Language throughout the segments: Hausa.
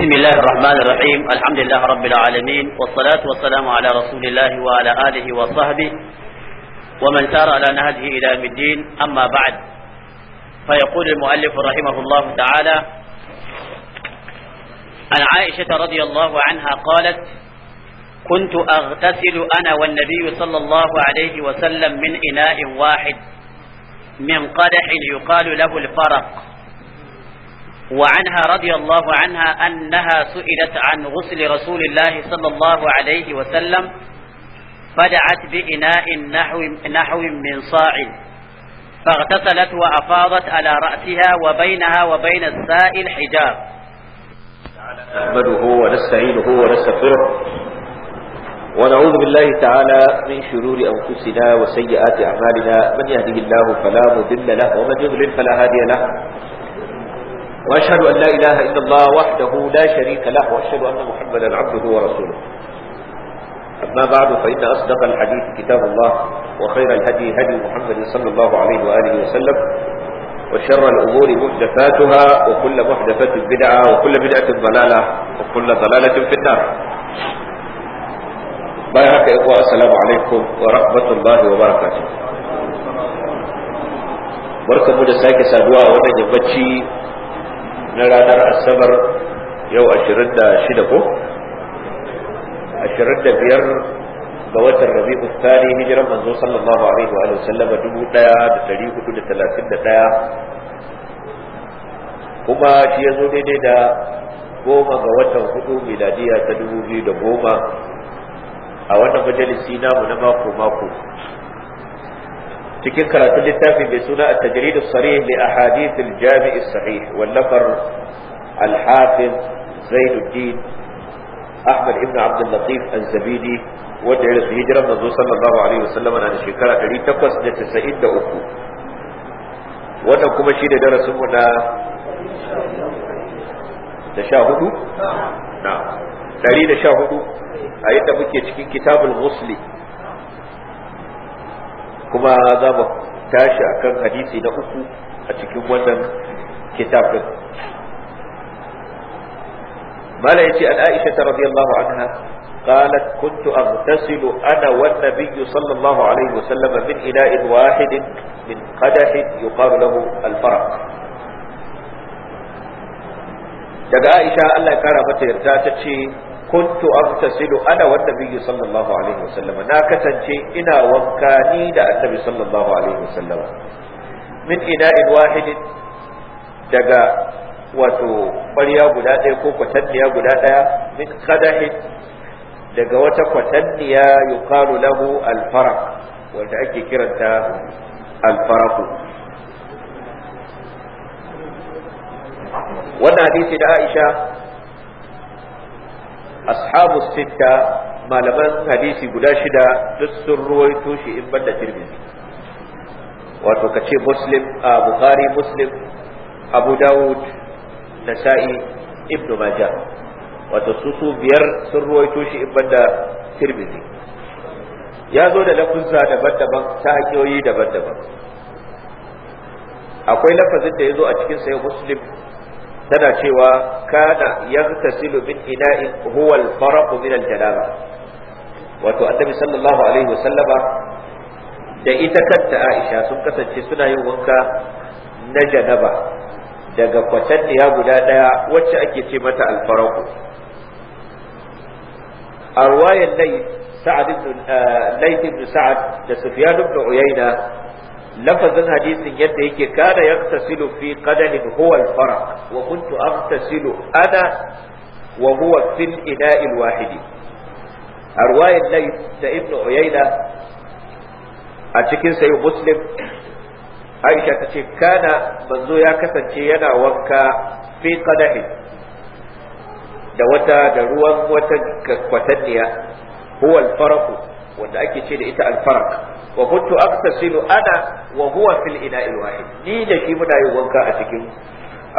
بسم الله الرحمن الرحيم الحمد لله رب العالمين والصلاة والسلام على رسول الله وعلى آله وصحبه ومن سار على نهجه إلى يوم الدين أما بعد فيقول المؤلف رحمه الله تعالى عن عائشة رضي الله عنها قالت كنت أغتسل أنا والنبي صلى الله عليه وسلم من إناء واحد من قدح يقال له الفرق وعنها رضي الله عنها أنها سئلت عن غسل رسول الله صلى الله عليه وسلم فدعت بإناء نحو, نحو من صاع فاغتسلت وأفاضت على رأسها وبينها وبين السائل حجاب نحمده ونستعينه ونستغفره ونعوذ بالله تعالى من شرور أنفسنا وسيئات أعمالنا من يهده الله فلا مضل له ومن يضلل فلا هادي له وأشهد أن لا إله إلا الله وحده لا شريك له وأشهد أن محمدا عبده ورسوله أما بعد فإن أصدق الحديث كتاب الله وخير الهدي هدي محمد صلى الله عليه وآله وسلم وشر الأمور محدثاتها وكل محدثة بدعة وكل بدعة ضلالة وكل ضلالة في النار بارك إخوة السلام عليكم ورحمة الله وبركاته بركة مجساك سادوا ونجبتشي na ranar asabar yau 26 ko 25 ga watan rabi'u tsari hijiran manzo sallallahu alaihi wa sallama 1431 kuma shi ya zo daidai da goma ga watan hudu miladiya ta 2010 a wannan majalisi namu na mako mako cikin karatun littafi mai suna a tajridu sarih li ahadith al-jami' sahih wallafar al-hafiz Zainuddin Ahmad ibn Abd al-Latif al-Zabidi wanda ya rasu hijiran manzo sallallahu alaihi wasallam na da shekara 893 wannan kuma shi da darasin mu na da sha hudu? na dari da sha hudu a yadda muke cikin kitabul muslim kuma za mu tashi akan hadisi na uku a cikin wannan kitabin mala yace an aisha ta radiyallahu anha قالت كنت أغتسل أنا والنبي صلى الله عليه وسلم من إناء واحد من قدح يقال له الفرق daga aisha Allah ya kara mata yarda ta ce kuntu agtasilu ana wa nabiyyu sallallahu alaihi wasallam na kasance ina wanka ni da annabi sallallahu alaihi wasallam min ina'in wahidin daga wato ƙwarya guda ɗaya ko kwatanniya guda ɗaya min qadahin daga wata kwatanniya yuqalu lahu alfarq wanda ake kiranta alfaraku. wannan hadisi da Aisha ashabu sitta malaman hadisi guda shida duk sun ruwaito shi in banda tirmidhi wato kace muslim a bukhari muslim abu dawud nasa'i ibnu majah wato su su biyar sun ruwaito shi in banda tirmidhi ya zo da lafuzza daban-daban ta hakiyoyi daban-daban akwai lafazin da ya zo a cikin sayan muslim tana cewa kana yaghtasilu min ina'in huwa al-farq min al-janaba wato annabi sallallahu alaihi wasallama da ita kanta Aisha sun kasance suna yin wanka na janaba daga kwatanniya guda daya wacce ake ce mata al-farq a ruwayar Sa'ad eh, ibn Sa'ad da Sufyan ibn Uyayna lafazin hadisin yadda yake kana yaqtasilu fi qadahin huwa al wa kuntu aqtasilu ana wa huwa fil ina'i al-wahidi arwayin lay da ibnu uyayna a cikin sayi muslim aisha ta ce kana manzo ya kasance yana wanka fi qadahin da wata da ruwan wata kwatanniya huwa al-faraq wanda ake ce da ita alfarak wa kuntu aktasilu ana wa huwa fil ina'il wahid ni da shi muna yin wanka a cikin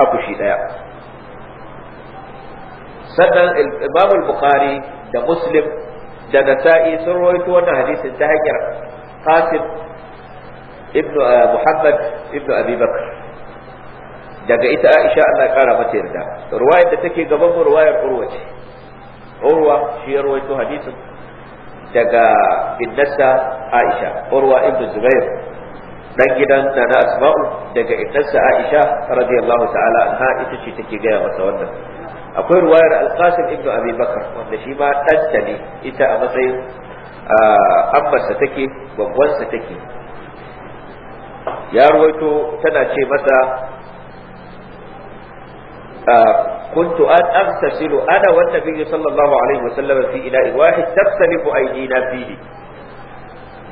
akushi daya sannan imam bukhari da muslim da nasa'i sun rawaito wannan hadisin ta hanyar qasim ibn uh, muhammad ibn abi bakr daga ita aisha Allah ya kara mata yarda ruwayar da take gaban mu ruwayar urwa ce urwa shi ya rawaito hadisin daga innarsa Aisha Urwa ibn Zubair ɗan gidan Nana Asma'u daga innarsa Aisha radiyallahu ta'ala anha ita ce take gaya masa wannan akwai ruwayar Al-Qasim ibn Abi Bakar wanda shi ma ɗan ne ita a matsayin ambarsa take babbansa take ya ruwaito tana ce masa كنت أغتسل أنا والنبي صلى الله عليه وسلم في إناء واحد تختلف أيدينا فيه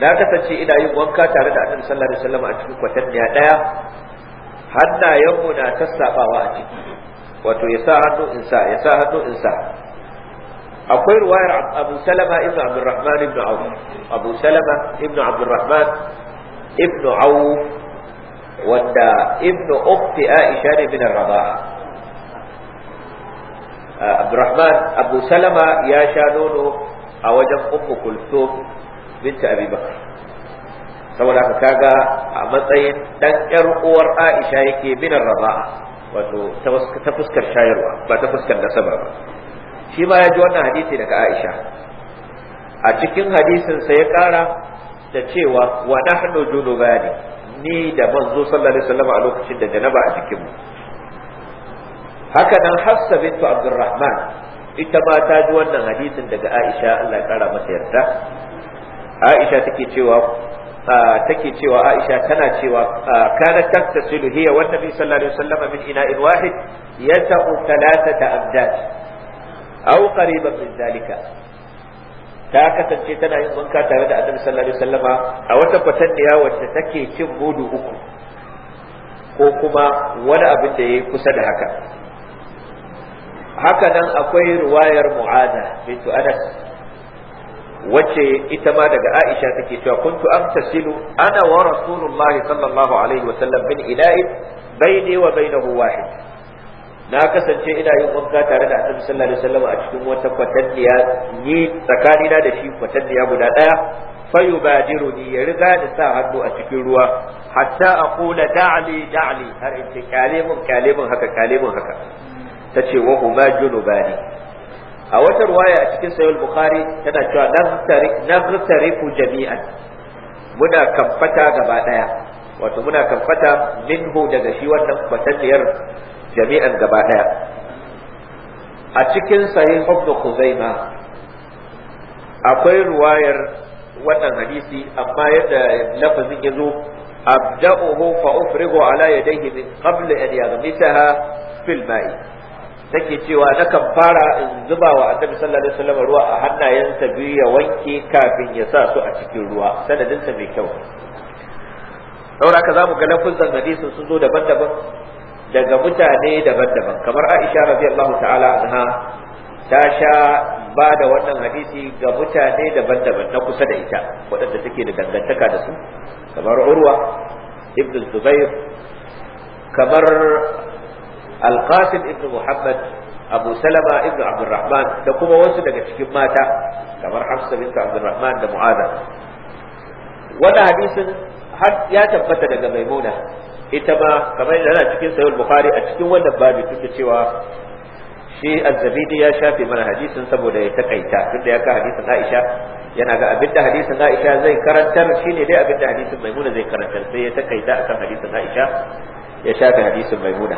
na kasance ina yin wanka tare da annabi sallallahu alaihi a cikin kwatanniya daya hannayenmu na sassabawa a ciki wato ya sa hannu sa ya sa hannu sa akwai ruwayar Abu Salama ibn Abdurrahman ibn Auf Abu Salama ibn Abdurrahman ibn Auf ibn Aisha ne bin abdurrahman abu salama ya sha nono a wajen ummu kulthum binta abi bakr saboda ka kaga a matsayin dan yar uwar aisha yake bin raba'a wato ta fuskar shayarwa ba ta fuskar nasaba ba shi ba ya ji wannan hadisi daga aisha a cikin hadisin sa ya kara da cewa wa nahnu junubani ni da manzo sallallahu alaihi wasallam a lokacin da janaba a cikin mu haka nan hafsa bintu abdurrahman ita ma ta ji wannan hadisin daga aisha Allah ya kara masa yarda aisha take cewa take cewa aisha tana cewa kana taktasilu hiya wa nabi sallallahu alaihi wasallam min ina'in wahid yata'u thalathata abdat aw qariban min zalika ta kasance tana yin wanka tare da annabi sallallahu alaihi wasallam a wata kwatanniya wacce take cin gudu uku ko kuma wani abin da yayi kusa da haka haka nan akwai ruwayar mu'ada bintu anas wace ita ma daga aisha take cewa kuntu amtasilu ana wa rasulullah sallallahu alaihi wa sallam bin ila'i baini wa bainahu wahid na kasance ina yin wanka tare da annabi sallallahu alaihi wasallam a cikin wata kwatanniya ni tsakani na da shi kwatanniya guda daya fayubadiruni ya riga da sa hannu a cikin ruwa hatta aqula da'li da'li har in ce kale mun haka kale haka ta ce wa huma junubani a wata ruwaya a cikin sayul bukhari tana cewa naghtariku jami'an muna kamfata gaba daya wato muna kamfata minhu daga shi wannan batalliyar jami'an gaba daya a cikin sahih ibn khuzaima akwai ruwayar wannan hadisi amma yadda lafazin ya zo abda'uhu fa ufrigu ala yadayhi min qabl an yaghmisaha fil ma'i take cewa kan fara in zuba wa annabi sallallahu alaihi wasallam ruwa a hannayensa biyu ya wanke kafin ya sa su a cikin ruwa sanadinsa mai kyau saboda haka zamu ga lafuzan hadisin sun zo daban-daban daga mutane daban-daban kamar Aisha radiyallahu ta'ala anha ta sha ba da wannan hadisi ga mutane daban-daban na kusa da ita waɗanda take da dangantaka da su kamar Urwa ibn Zubair kamar alqasim ibn muhammad abu salama ibn abdurrahman da kuma wasu daga cikin mata kamar hafsa bint abdurrahman da mu'adha wannan hadisin har ya tabbata daga maimuna ita ba kamar yana cikin sahih bukhari a cikin wannan babu take cewa shi azzabidi ya shafe mana hadisin saboda ya takaita duk da ya ka hadisin Aisha yana ga abin da hadisin Aisha zai karantar ne dai abin da hadisin Maimuna zai karantar sai ya takaita akan hadisin Aisha ya shafe hadisin Maimuna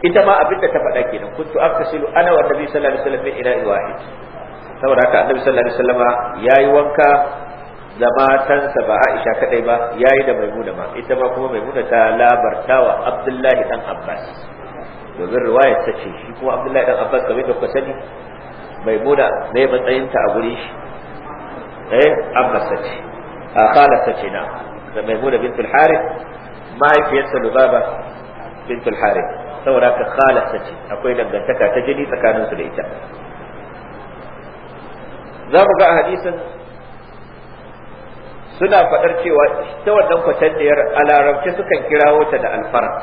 ita ma abinda ta faɗa kenan kuntu aftasilu ana wa annabi sallallahu alaihi wasallam min ina'i wahid saboda haka annabi sallallahu alaihi wasallam yayi wanka da matansa ba Aisha kadai ba yayi da Maimuna ma ita ma kuma Maimuna ta labartawa Abdullahi dan Abbas domin riwaya ta ce shi kuma Abdullahi dan Abbas kamar da kuka sani Maimuna ne matsayinta a gurin shi eh Abbas ta ce a kala ta ce na da Maimuna bintul Harith mahaifiyarsa Lubaba bintul Harith saboda ka khalasa ce akwai dangantaka ta jini tsakanin su da ita za mu ga a hadisin suna faɗar cewa ta wannan da a sukan kirawo ta da alfarak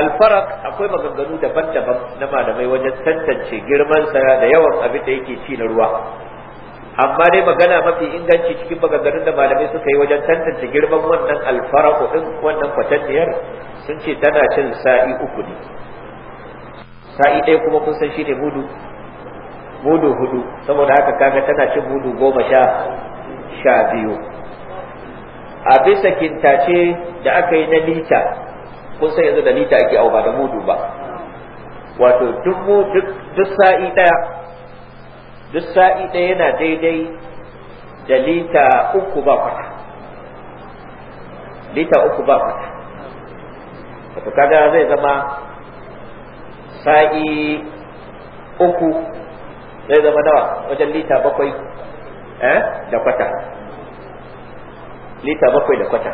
alfarak akwai maganganu daban-daban na malamai wajen tantance girman sa da yawan abin da yake ci na ruwa amma dai magana mafi inganci cikin maganganun da malamai suka yi wajen tantance girman wannan alfarako din wannan kwatanniyar sun ce tana cin sa'i uku ne sa'i ɗaya kuma kun san shi mudu mudu hudu saboda haka kaga tana cin mudu goma sha sha biyu a bisa kintace da aka yi na lita kun san yanzu da lita ake auba ba da mudu ba wato duk sa'i ɗaya duk sa'i ɗaya yana daidai da lita uku ba kwata lita uku ba kwata wato kaga zai zama sa'i uku zai zama nawa wajen lita bakwai eh da kwata lita bakwai da kwata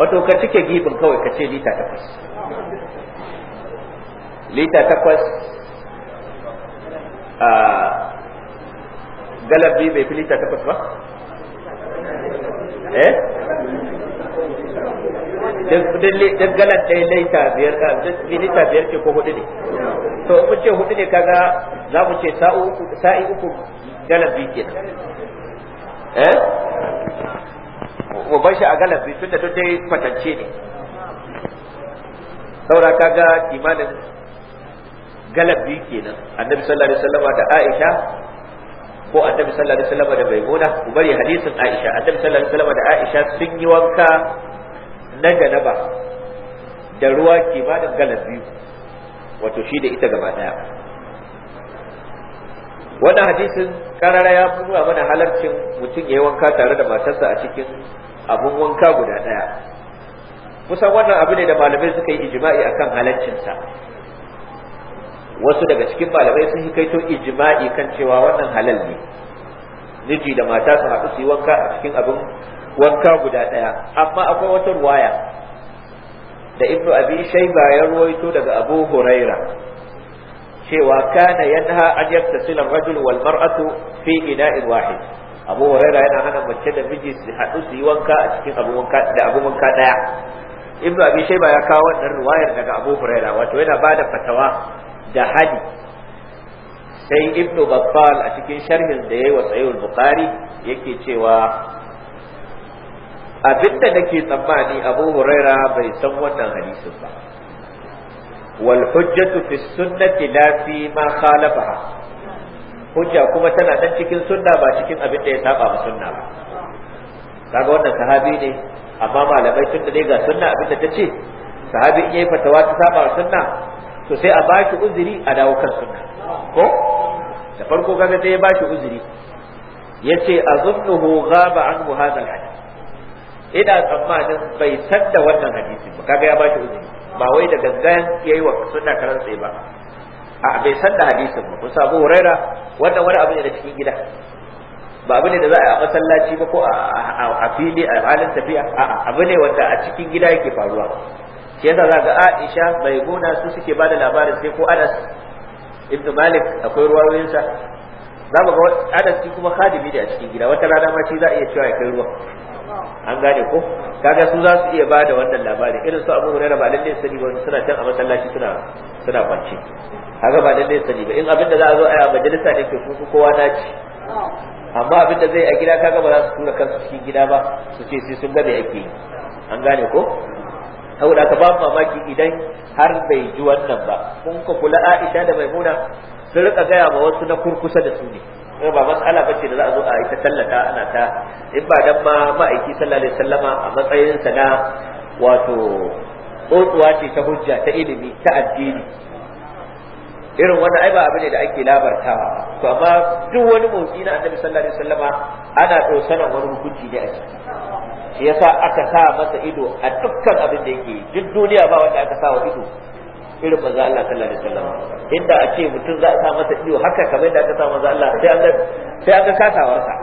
wato ka cike gibin kawai ka ce lita takwas lita takwas a ah, galabi bai fi lita takwas ba eh duk galar ɗaya laita biyar ah, ka lita biyar ce ko hudu ne to in ce hudu ne kaga za mu ce sa'i uku biyu ke eh mu bar shi a biyu tunda tun dai kwatance ne saura kaga kimanin ke nan annabi sallallahu alaihi wasallama da aisha ko annabi sallallahu alaihi wasallam da maimuna ku bari hadisin aisha annabi sallallahu alaihi wasallam da aisha sun yi wanka na janaba da ruwa ke ba da biyu wato shi da ita gaba daya wannan hadisin karara ya nuna mana halarcin mutum ya yi wanka tare da matarsa a cikin abun wanka guda daya kusan wannan abu ne da malamai suka yi ijma'i akan halaccinsa wasu daga cikin malamai sun yi kaito ijma'i kan cewa wannan halal ne miji da mata su haɗu su yi wanka a cikin abin wanka guda ɗaya amma akwai wata ruwaya da ibnu abi shayba ya ruwaito daga abu huraira cewa kana yanha an yaktasila ar-rajul wal mar'atu fi ina'in wahid abu huraira yana hana mace da miji su haɗu su yi wanka a cikin abu wanka da abu wanka ɗaya ibnu abi shayba ya kawo wannan ruwayar daga abu huraira wato yana bada fatawa da hadi sai Ibnu babbal a cikin sharhin da yayi wa sahihul bukhari yake cewa abinda nake tsammani abu huraira bai san wannan hadisin ba wal hujjatu fi sunnati la fi ma khalafaha hujja kuma tana dan cikin sunna ba cikin abinda ya saba ba sunna ba kaga wannan sahabi ne amma malamai sun da dai ga sunna abinda tace ta ce sahabi in yayi fatawa ta saba sunna to sai a baki uzuri a dawo kan sunna ko da farko kaga sai ya baki uzuri yace azunnuhu ghaba anhu hadha alhadith ina tsammanin bai san da wannan hadisi ba kaga ya baki uzuri ba wai da gangan yayi wa sunna karan sai ba a bai san da hadisin ba kusa Abu Huraira wannan wani abu ne da cikin gida ba abu ne da za a yi a masallaci ba ko a fili a halin tafiya a'a abu ne wanda a cikin gida yake faruwa shi yasa za ga Aisha bai gona su suke bada labarin sai ko Anas ibn Malik akwai sa za mu ga Anas shi kuma khadimi ne a cikin gida wata rana ma shi za a iya cewa ya kai ruwa an gane ko kaga su za su iya bada wannan labarin irin su Abu Hurairah ba lalle sani ba suna can a masallaci suna suna kwance kaga ba lalle sani ba in abin da za a zo a yi a majalisa ne ke kuku kowa na ci amma abin da zai a gida kaga ba za su tura kansu cikin gida ba su ce sai sun ga me ake yi an gane ko saboda ka ba mamaki idan har bai ji wannan ba kun ka kula Aisha da Maimuna su rika gaya ma wasu na kurkusa da su ne ba mas'ala bace da za a zo a ita tallata ana ta in ba dan ma ma'aiki sallallahu alaihi wasallama a matsayin sa na wato tsotsuwa ce ta hujja ta ilimi ta addini irin wannan ai ba abu ne da ake labartawa to amma duk wani motsi na annabi sallallahu alaihi wasallama ana tsosanan wani hukunci ne a ciki shi yasa aka sa masa ido a dukkan abin da yake duk duniya ba wanda aka sa wa ido irin manzo Allah sallallahu alaihi wasallam inda a ce mutum za a sa masa ido haka kamar yadda aka sa manzo Allah sai an sai an ga kasawarsa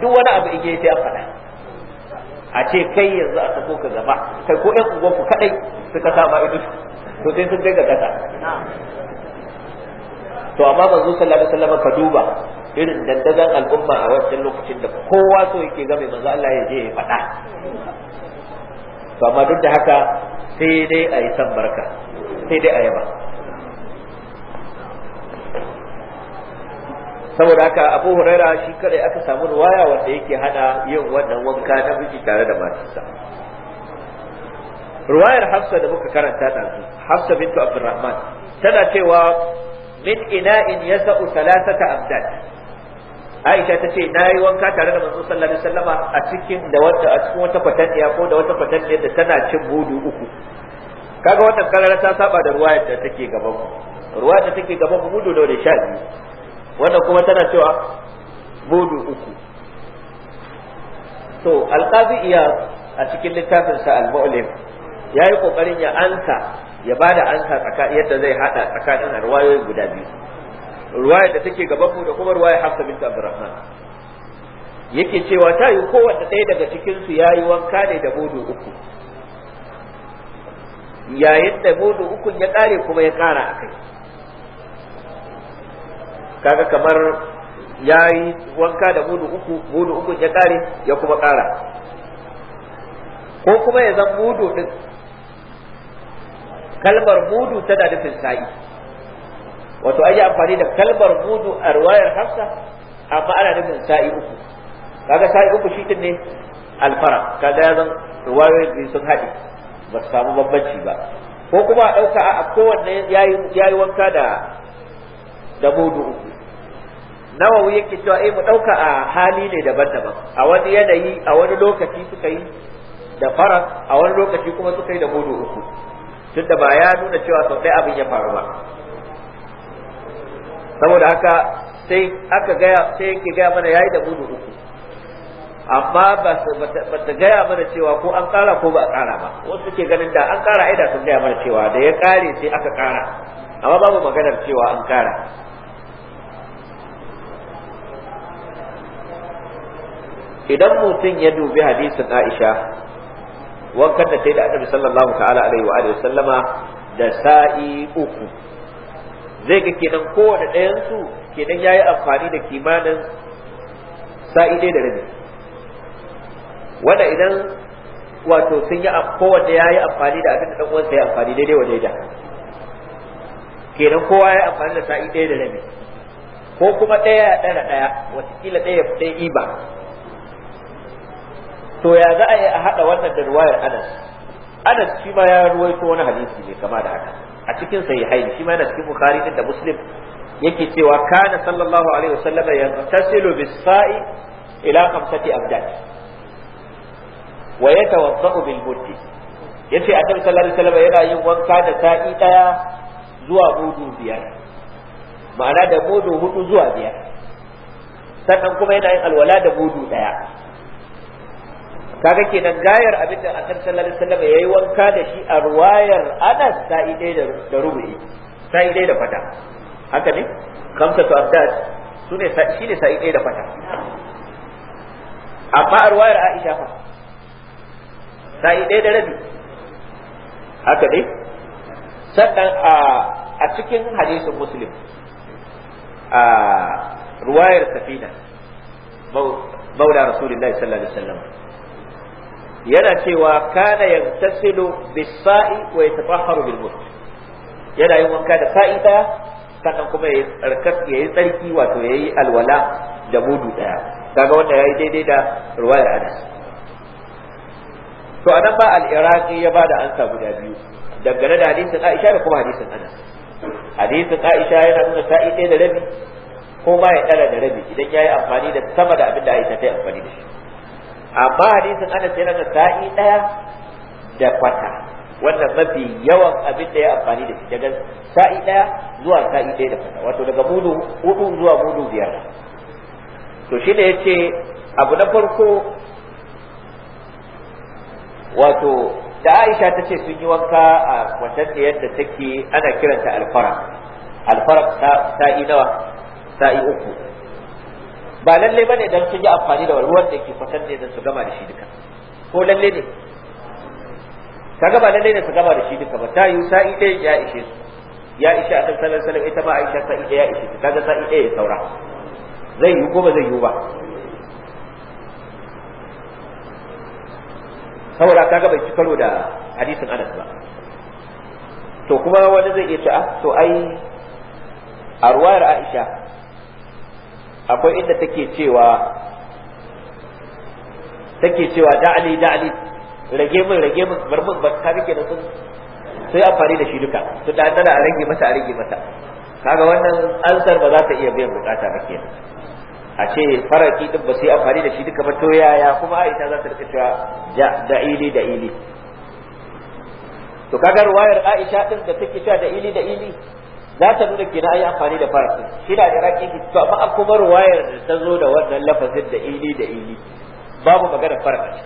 duk wani abu in yayi sai an faɗa a ce kai yanzu a sako ka gaba kai ko ƴan ku kadai suka sa ma ido to sai sun kai ga kasa to amma manzo sallallahu alaihi wasallam ka duba irin dandagan al'umma a wancan lokacin da kowa so yake game manzo Allah ya je ya faɗa to amma duk da haka sai dai a yi san barka sai dai a yaba saboda haka abu huraira shi kadai aka samu ruwaya wanda yake hada yin wannan wanka na miji tare da matarsa ruwayar hafsa da muka karanta ɗazu hafsa bintu abdurrahman tana cewa min ina in yasa'u salasata abdad Aisha ta ce na yi wanka tare da manzo sallallahu alaihi wasallama a cikin da wata a cikin wata fatanniya ko da wata fatanniya da tana cin budu uku kaga wannan karara ta saba da ruwayar da take gaban mu ruwayar da take gaban mu budu da wani sha biyu wannan kuma tana cewa budu uku to alqazi iya a cikin littafin sa al-mu'lim yayi kokarin ya ansa ya bada ansa tsaka yadda zai hada tsakanin ruwayoyi guda biyu ruwaya da take gaban mu da kuma ruwaya Hafsa bint Abdurrahman yake cewa ta yi kowanne ɗaya daga cikin su yayi wanka ne da mudu uku yayin da mudu uku ya kare kuma ya kara akai kaga kamar yayi wanka da mudu uku bodo uku ya kare ya kuma kara ko kuma ya zan mudu din kalmar mudu tana nufin sa'i wato ai yi amfani da kalmar budu a ruwayar hafsa amma ana nufin sa'i uku kaga sa'i uku shi ne alfara kaga ya zan ruwayoyin biyu sun haɗe ba su samu bambanci ba ko kuma a ɗauka a kowanne ya yi wanka da da mudu uku nawawi yake cewa eh mu ɗauka a hali ne daban-daban a wani yanayi a wani lokaci suka yi da fara a wani lokaci kuma suka yi da mudu uku tunda ba ya nuna cewa sau ɗaya abin ya faru ba saboda haka sai aka gaya sai yake gaya mana yayi da gudu uku amma ba ta gaya mana cewa ko an kara ko ba a kara ba wasu suke ganin da an kara aida sun gaya mana cewa da ya kare sai aka kara amma babu maganar cewa an kara idan mutum ya dubi hadisin Aisha wankan da ta yi da Annabi sallallahu ta'ala alaihi wa alihi sallama da sa'i uku zai ga kenan kowane ɗayansu kenan ya yi amfani da kimanin sa'i ɗaya da rabi wanda idan wato sun yi kowanne ya yi amfani da abin da ɗan uwansa ya amfani daidai wa daida kenan kowa ya amfani da sa'i ɗaya da rabi ko kuma ɗaya ya ɗara ɗaya watakila ɗaya ya ɗaya iba to ya za a yi a haɗa wannan da ruwayar anas anas shi ma ya ruwaito wani hadisi ne kama da haka a cikin sahihain shi ma yana cikin bukhari da muslim yake cewa kana sallallahu alaihi wasallam yantasilu Tasilu sai ila khamsati abdad wa yatawadda'u bil-buddi yace annabi sallallahu alaihi wasallam yana yin wanka da sa'i daya zuwa mudu biyar ma'ana da mudu hudu zuwa biyar sannan kuma yana yin alwala da mudu daya kaga kenan gayar abin da annabi sallallahu alaihi wasallam yayi wanka da shi a ruwayar Anas sa'i ɗaya da rubu'i sa'i ɗaya da fata haka ne kamsatu abdad sune shine sa'i ɗaya da fata amma a ruwayar Aisha fa sa'i ɗaya da rabi haka ne sannan a a cikin hadisin muslim a ruwayar safina maula rasulullahi sallallahu alaihi wasallam yana cewa kana yagtasilu bis-sa'i wa yatahharu bil-mut yana yin wanka da sa'i daya sannan kuma yayi tsarkar yayi tsarki wato yayi alwala da mudu daya kaga wanda yayi daidai da ruwayar Anas to anan ba al-Iraqi ya bada ansa guda biyu dangane da hadisin Aisha da kuma hadisin Anas hadisin Aisha yana nuna sa'i ɗaya da rabi ko ba ya ɗara da rabi idan yayi amfani da sama da abin da Aisha ta yi amfani da shi amma hadisin anas yana da sa'i daya da kwata wannan mafi yawan abin da ya amfani da shi daga sa'i daya zuwa sa'i daya da kwata wato daga mudu hudu zuwa mudu biyar to shi ne yace abu na farko wato da Aisha ta ce sun yi wanka a watan da yadda take ana kiranta alfara alfara sa'i nawa sa'i uku ba lalle bane dan sun yi amfani da ruwan da ke fatan ne dan su gama da shi duka ko lalle ne kaga ba lalle ne su gama da shi duka ba ta yi sa'i ɗaya ya ishe su ya ishe a sallallahu alaihi wasallam ita ma Aisha sa'i ɗaya ya ishe ta kaga sa'i dai ya saura zai yi ko ba zai yi ba saboda kaga bai ci karo da hadisin Anas ba to kuma wanda zai iya ta ah, to ai a ruwayar Aisha akwai inda take cewa take cewa da'ali da'ali rage min rage min bar min ba ka rike da sun sai amfani da shi duka to da tana a rage mata a rage mata kaga wannan ansar ba za ta iya biyan bukata ba kenan a ce faraki din ba sai amfani da shi duka ba to yaya kuma Aisha za ta rike cewa da'ili da'ili to kaga ruwayar Aisha din da take cewa da'ili da'ili za ta nuna kenan ayi amfani da farafin kina da raki ki to amma kuma ruwayar da ta zo da wannan lafazin da ili da ili babu magana farafin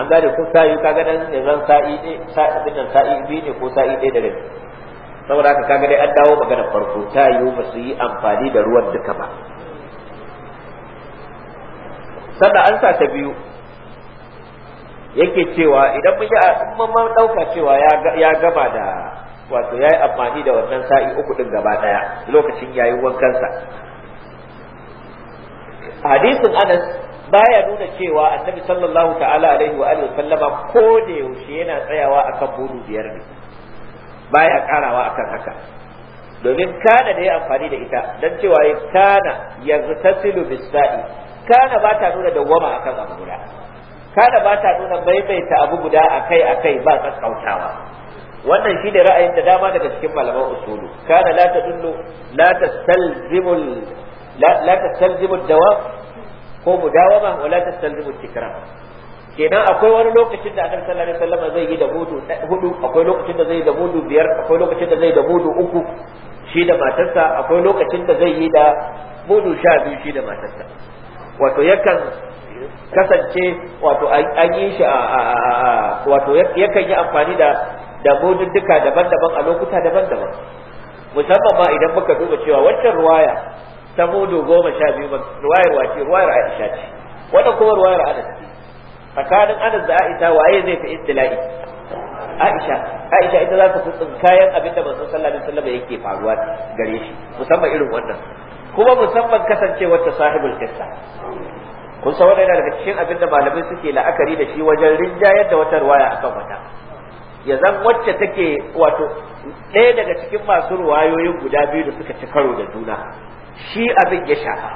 an gane ko sa'i ga dan ne zan sa'i ne sa'i da sa'i biyu ne ko sa'i ɗaya da rabi saboda haka kaga dai an dawo magana farko ta yiwu ba su yi amfani da ruwan duka ba sannan an sa ta biyu yake cewa idan mun yi a ɗauka cewa ya gama da wato yi amfani da wannan sa'i uku ɗin gaba ɗaya lokacin yi wankansa hadisin Anas baya nuna cewa annabi sallallahu ta'ala alaihi wa alihi sallama ko da yaushe yana tsayawa akan bulu biyar ne baya karawa akan haka domin kana da ya amfani da ita dan cewa ya kana tasilu bis-sa'i kana ba ta nuna dawwama akan abu guda kana ba ta nuna maimaita abu guda akai akai ba kakkautawa wannan shi ne ra'ayin da dama daga cikin malaman usulu kana la dullu la tastalzimu la tastalzimu dawa ko mudawama wa la tastalzimu tikra kenan akwai wani lokacin da annabi sallallahu alaihi wasallam zai yi da mudu hudu akwai lokacin da zai yi da mudu biyar akwai lokacin da zai yi da mudu uku shi da matarsa akwai lokacin da zai yi da mudu sha biyu shi da matarsa wato yakan kasance wato an yi shi wato yakan yi amfani da da bodudduka daban-daban a lokuta daban-daban musamman ma idan muka duba cewa wancan ruwaya ta mudu goma sha biyu ruwayar wace ruwayar Aisha ce wannan kuma ruwayar Anas ce tsakanin Anas da Aisha waye zai fi istila'i Aisha Aisha ita za ta fi kayan abin da manzon sallallahu alaihi wasallam yake faruwa gare shi musamman irin wannan kuma musamman kasancewar ta sahibul qissa kun san wannan daga cikin abin da malamai suke la'akari da shi wajen rinjayar da wata ruwaya akan wata ya zan wacce take wato ɗaya daga cikin masu ruwayoyin guda biyu da suka ci karo da juna shi abin ya shafa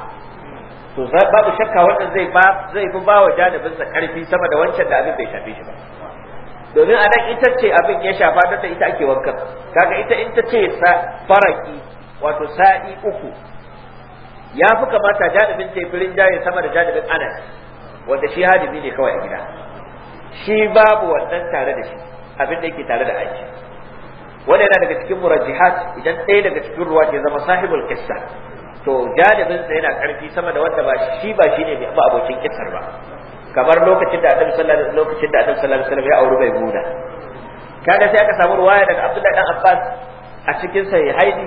to babu shakka wannan zai ba zai fi ba wa janibinsa karfi sama da wancan da abin bai shafe shi ba domin a nan ita ce abin ya shafa don da ita ake wankan kaga ita in ta ce faraki wato sa'i uku ya fi kamata janibin tefirin jaye sama da janibin anas wanda shi hadimi ne kawai a gida shi babu wannan tare da shi abin da yake tare da aiki wanda yana daga cikin murajihat idan ɗaya daga cikin ruwa ke zama sahibul kissa to jadabin sa yana karfi sama da wanda ba shi ba shi ne ba abokin kissar ba kamar lokacin da Annabi sallallahu alaihi lokacin da Annabi sallallahu alaihi wasallam ya auri bai muda kaga sai aka samu ruwaya daga Abdullahi dan Abbas a cikin sahihaini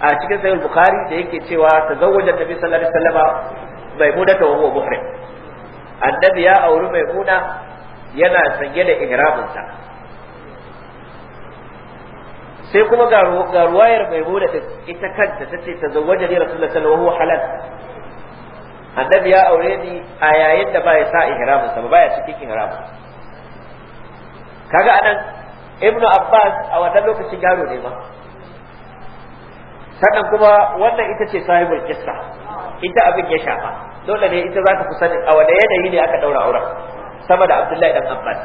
a cikin sahih Bukhari da yake cewa tazawwaja nabi sallallahu alaihi wasallam bai muda ta wa Buhari. Annabi ya auri bai muda yana sanye da sa sai kuma ga ruwayar mai bude ita kanta ta ce tazawwaja ni rasulullahi sallallahu alaihi halal annabi ya aure ni a yayin da ba ya sa ihram sa ba ya cikin ihram kaga anan ibnu abbas a wannan lokacin yaro ne ma sannan kuma wannan ita ce sahibul kissa ita abin ya shafa dole ne ita za ta fi sanin a wanda yanayi ne aka daura auren sama da abdullahi dan abbas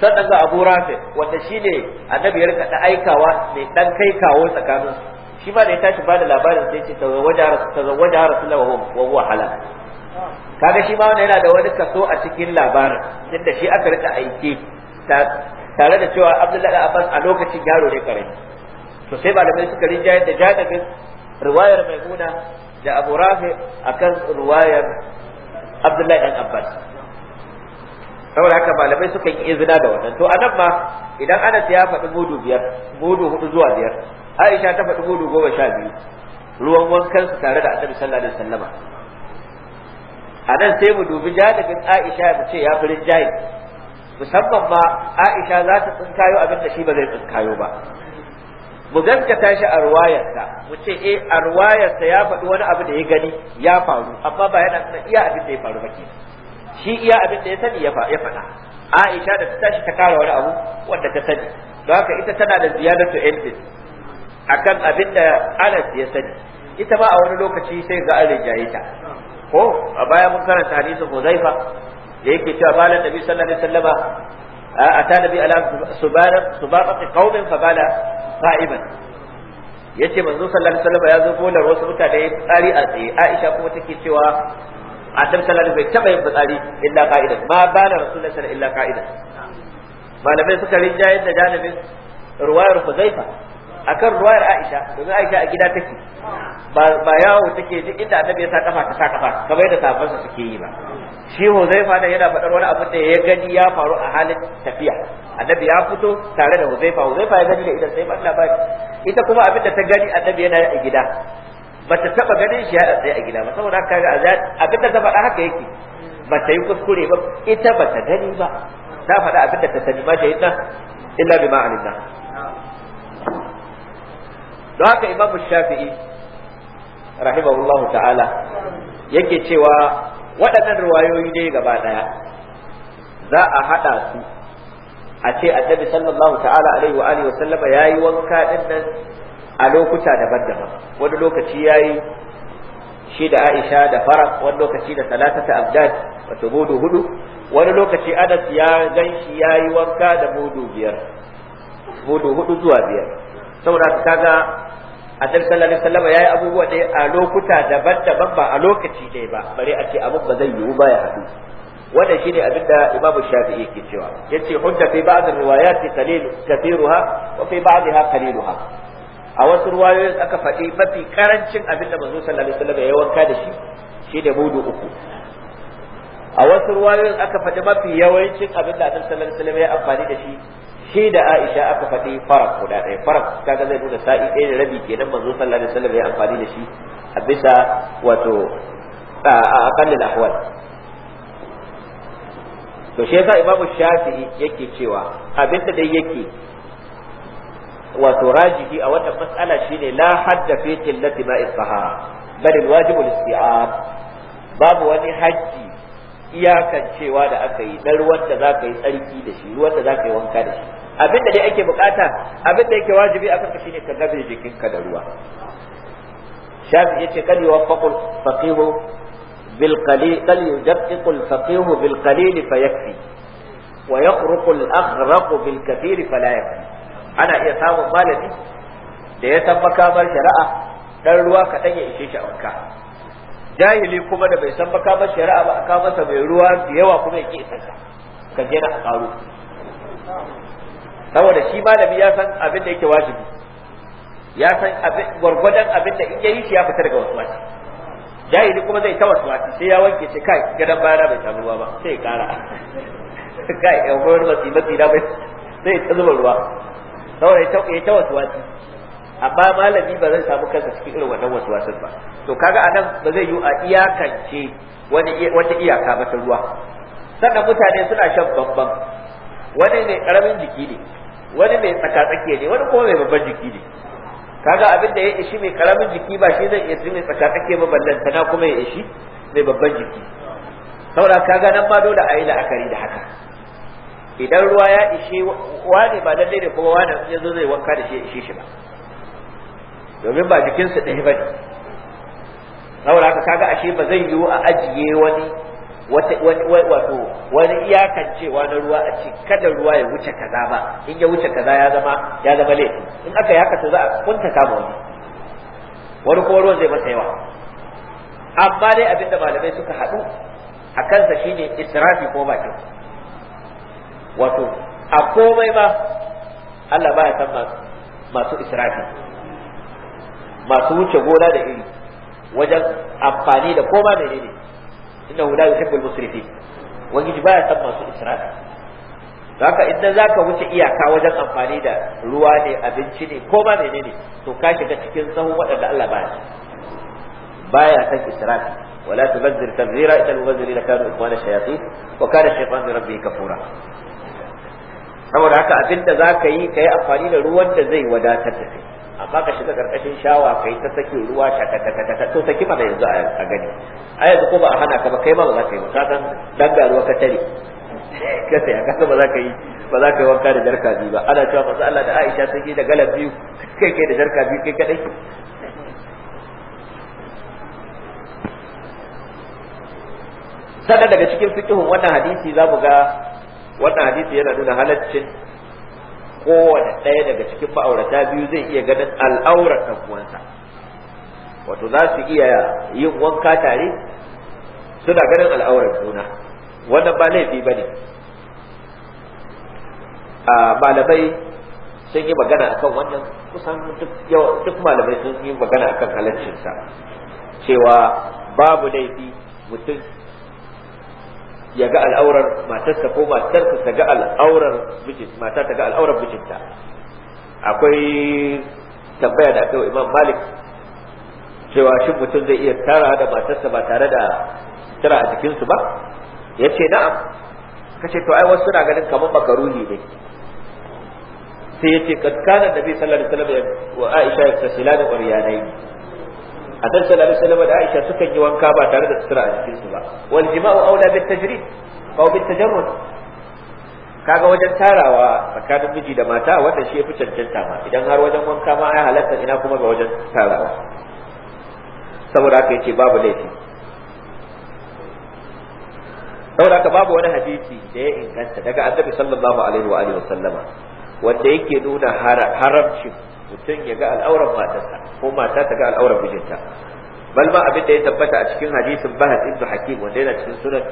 sannan ga Abu Rafi wanda shine annabi ya rika da aikawa mai dan kai kawo tsakanin shi ba da ya tashi bada labarin sai ce tazawwaja tazawwaja rasulullahi wa huwa halal kaga shi ma wannan yana da wani kaso a cikin labarin inda shi aka rika aiki tare da cewa Abdullahi da Abbas a lokacin yaro ne karami to sai malamai suka rinjaye da jadabin riwayar Maimuna da Abu Rafi akan riwayar Abdullahi dan Abbas saboda haka malamai suka yi izina da wannan to anan ma idan Anas ya faɗi mudu biyar mudu hudu zuwa biyar Aisha ta faɗi mudu goma sha biyu ruwan wankan tare da Annabi sallallahu alaihi wasallama anan sai mu dubi jadabin Aisha mu ce ya fi rinjayi musamman ma Aisha za ta tsinkayo abin da shi ba zai tsinkayo ba mu gaskata shi a ruwayarsa mu ce eh a ruwayarsa ya faɗi wani abu da ya gani ya faru amma ba yana iya abin da ya faru ba kenan shi iya abin da ya sani ya faɗa Aisha da ta tashi ta kara wani abu wanda ta sani don haka ita tana da ziyadatu ilmin akan abin da Anas ya sani ita ba a wani lokaci sai ga an rinjaye ta ko a baya mun karanta hadisi Huzaifa da yake cewa balan Nabi sallallahu alaihi wasallama ta Nabi ala subana subaqati qaumin fa bala qa'iman yace manzo sallallahu alaihi wasallama ya zo bolar wasu mutane tsari a tsaye Aisha kuma take cewa annabi sallallahu alaihi bai taba yin fitsari illa ka'idan, ma da rasulullahi sallallahu illa ka'idan. malamai suka rinjaye yadda janibin ruwayar Huzaifa akan ruwayar Aisha domin Aisha a gida take ba yawo take ji inda annabi ya sa kafa ta sa kafa kamar yadda sahabban su suke yi ba shi Huzaifa da yana faɗar wani abu da ya gani ya faru a halin tafiya annabi ya fito tare da Huzaifa Huzaifa ya gani da idan sai ban labari ita kuma abin da ta gani annabi yana a gida bata taba ganin shi a tsaye a gida ba saboda kaga abin da ta faɗa haka yake ba ta yi kuskure ba ita ba ta gani ba ta faɗa abin da ta sani ta yi ta illa bi ma'alillah don haka imam shafi'i rahimahullah ta'ala yake cewa waɗannan ruwayoyi ne gaba ɗaya za a haɗa su a ce annabi sallallahu ta'ala alaihi wa alihi wa sallama yayi wanka din nan a lokuta daban-daban wani lokaci yayi shi da Aisha da Farah wani lokaci da Talata ta Abdad wato Budu hudu wani lokaci Anas ya ganshi yayi wanka da Budu biyar Budu hudu zuwa biyar saboda ga Annabi sallallahu alaihi wasallam yayi abubuwa ɗaya a lokuta daban-daban ba a lokaci ɗaya ba bare a ce abin ba zai yiwu ba ya haɗu wannan shine abin da Imam Shafi'i yake cewa yace hujja fi ba'd riwayat qalil kathiruha wa fi ba'daha qaliluha a wasu ruwayoyin aka faɗi mafi karancin abin da manzo sallallahu alaihi wasallam ya wanka da shi shi da mudu uku a wasu ruwayoyin aka faɗi mafi yawancin abin da annabi sallallahu alaihi wasallam ya amfani da shi shi da Aisha aka faɗi farak guda ɗaya farak kaga zai nuna sa'i ɗaya da rabi kenan manzo sallallahu alaihi wasallam ya amfani da shi a bisa wato a aqallil ahwal to shi yasa imamu shafi'i yake cewa abin da dai yake wato rajihi a wata mas'ala shine la hadda fi qillati ma'is sahara bal alwajibu al babu wani haji iyakancewa da aka yi dan ruwan da zaka yi tsarki da shi ruwan da zaka yi wanka da shi Abin da dai ake bukata da yake wajibi akan ka shine ka gabe jikinka da ruwa shafi yace kan yuwaffaqul faqihu bil qalil kal yudqiqul faqihu bil qalil fa yakfi wa yakhruqul aghraq bil kathir fa la yakfi ana iya samun malami da ya san makamar shari'a dan ruwa kaɗan ya ishe shi a wanka jahili kuma da bai san makamar shari'a ba a kawo masa mai ruwa da yawa kuma ya ki isarsa ka je na a ƙaro saboda shi malami ya san abin da yake wajibi ya san gwargwadon abin da in yayi shi ya fita daga wasu jahili kuma zai ta wasu sai ya wanke shi kai gidan bayana bai samu ruwa ba sai ya kara kai yan gwamnati mafi na bai sai ta zuba ruwa saboda ya ta waswasi amma malami ba zai samu kansa cikin irin wannan waswasin ba to kaga a nan ba zai yi a iyakance wani wata iyaka ba ta ruwa sannan mutane suna shan bambam wani mai karamin jiki ne wani mai tsakatsakiya ne wani kuma mai babban jiki ne kaga abin da ya ishi mai karamin jiki ba shi zai iya mai tsakatsakiya ba ballanta na kuma ya ishi mai babban jiki saboda kaga nan ma dole a yi la'akari da haka idan ruwa ya ishe wane ba lallai da kuma wane ya zo zai wanka da shi ya ishe shi ba domin ba jikinsa ɗaya ba ne saboda haka kaga ashe ba zai yiwu a ajiye wani wato wani iyakancewa na ruwa a ce kada ruwa ya wuce kaza ba in ya wuce kaza ya zama ya zama laifi in aka yi haka to za a kunta kama wani wani kuma ruwan zai masa yawa amma dai abinda malamai suka haɗu a kansa shine israfi ko bakin wato a komai ma Allah baya san masu israfi masu wuce gona da iri wajen amfani da koma menene innahu la yuhibbul musrifin ba ya san masu israfi haka idan zaka wuce iyaka wajen amfani da ruwa ne abinci ne koma menene to ka shiga cikin sahun waɗanda Allah baya baya san israfi ولا تبذر تبذيرا ان المبذرين كانوا اخوان الشياطين وكان الشيطان لربه كفورا saboda haka abin da za ka yi ka yi amfani da ruwan da zai wadatar da kai amma ka shiga karkashin shawa ka yi ta sakin ruwa ta ta ta ta to saki mana yanzu a gani a yanzu ko ba a hana ka ba kai ma ba za ka yi ka san dan ruwa ka tare ka sai ka ba za ka yi ba za ka yi wanka da jarka biyu ba ana cewa masu Allah da Aisha sun yi da galan biyu kai kai da jarka biyu kai kadai sannan daga cikin fikihun wannan hadisi za mu ga wannan hadisi yana nuna halaccin kowane ɗaya daga cikin ma'aurata biyu zai iya ganin al'aurar ɗan wato za su iya yin wanka tare suna ganin al'aurar juna wannan ba laifi ba ne A malamai sun yi magana akan wannan kusan duk malamai sun yi magana akan halaccinsa cewa babu laifi mutum ya ga al'aurar matarsa ko matarsa ta ga al'aurar mata ta ga al'aurar mijinta akwai tambaya da aka imam malik cewa shi mutum zai iya tara da matarsa ba tare da tara a jikinsu ba ya ce na'am ka ce to ai wasu suna ganin kamar makaruni ne sai ya ce kad kana nabi sallallahu alaihi wasallam wa aisha silani quryanai annabi sallallahu alaihi wasallam da Aisha sukan yi wanka ba tare da sutura a cikin su ba wal jima'u aula bil tajrid aw bil tajarrud kaga wajen tarawa tsakanin miji da mata wanda shi yafi cancanta ma idan har wajen wanka ma ai halatta ina kuma ga wajen tarawa saboda haka yace babu laifi saboda haka babu wani hadisi da ya inganta daga annabi sallallahu alaihi wa alihi wasallama wanda yake nuna haramcin mutum ya ga al'auran matarsa ko mata ta ga al'auran mijinta bal ma abin da ya tabbata a cikin hadisin bahas ibn hakim wanda yana cikin sunan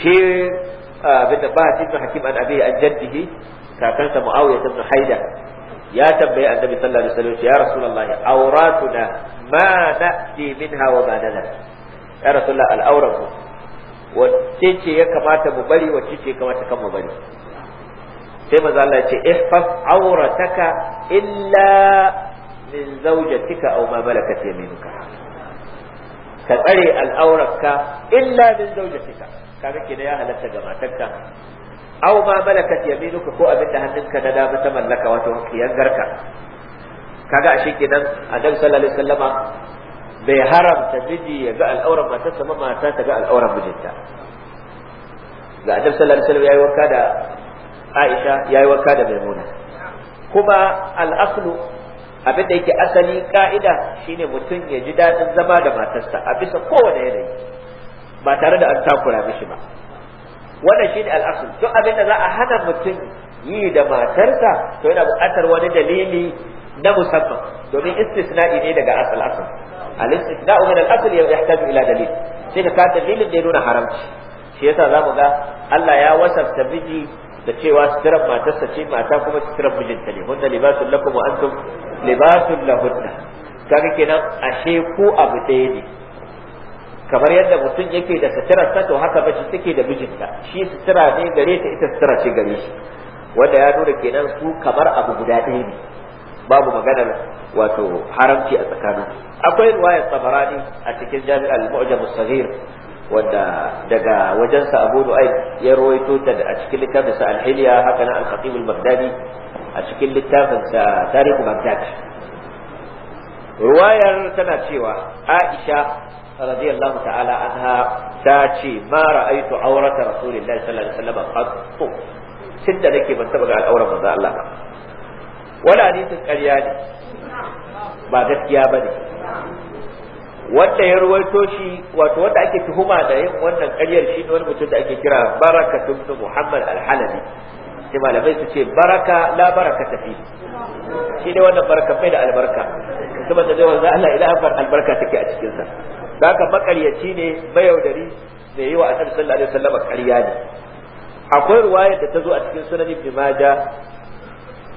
shi abin da bahas ibn hakim an abi an jaddihi kakansa muawiya ibn haida ya tambayi annabi sallallahu alaihi wasallam ya rasulullah auratuna ma na'ti minha wa ma nadal ya rasulullah al'auran wacce ce ya kamata mu bari wacce ce ya kamata kan mu bari sai manzo Allah ya ce ihfaz aurataka illa min zawjatika aw ma malakat yaminuka ka tsare al'aurarka illa min zawjatika kaga kina ya halatta ga matarka aw ma malakat yaminuka ko abinda hannunka na dama ta mallaka wato kiyangarka kaga ashe kenan annabi sallallahu alaihi wasallama bai haramta miji ya ga al'auran matarsa ba mata ta ga al'auran mijinta ga annabi sallallahu alaihi wasallam yayi wanka da aisha ya yi wanka da maimuna kuma al abin da yake asali ka'ida shine mutum ya ji daɗin zama da matarsa a bisa kowane yanayi ba tare da an takura mishi ba wannan shine al'asul duk abin da za a hana mutum yi da matarsa to yana buƙatar wani dalili na musamman domin istisna'i ne daga asal asal al-istisna'u min al-asl yahtaju ila dalil sai ka dalilin da ya nuna haramci shi yasa zamu ga Allah ya wasafta miji da cewa suturar matarsa ce mata kuma suturar mijinta ne hunna libasun lakum wa antum libasun lahunna kaga kenan ashe ko abu ɗaya ne kamar yadda mutum yake da suturar sa to haka bace take da mijinta shi sutura ne gare ta ita sutura ce gare shi wanda ya nuna kenan su kamar abu guda ɗaya ne babu maganar wato haramci a tsakanin akwai ruwayar tabarani a cikin jami'ar al-mu'jam as-saghir wanda daga wajensa abu ya rawaito ta a cikin littafinsa alhiliya haka na al-khatib al-baghdadi a cikin littafinsa tarihu baghdad ruwayar tana cewa aisha radiyallahu ta'ala anha ta ce ma ra'aitu aurata rasulillahi sallallahu alaihi wasallam qattu tun da nake ban taba ga al'aurar manzo Allah ba wala hadisin ƙarya ne ba gaskiya bane wanda ya ruwaito shi wato wanda ake tuhuma da yin wannan ƙaryar shi ne wani mutum da ake kira baraka tun muhammad alhalabi sai malamai su ce baraka la baraka tafi shi ne wannan baraka mai da albarka musamman ta zai wanzu Allah ila afar albarka take a cikinsa da haka makaryaci ne mayaudari mai yi wa annabi sallallahu alaihi wasallam ƙarya ne akwai ruwayar da ta zo a cikin sunan ibn majah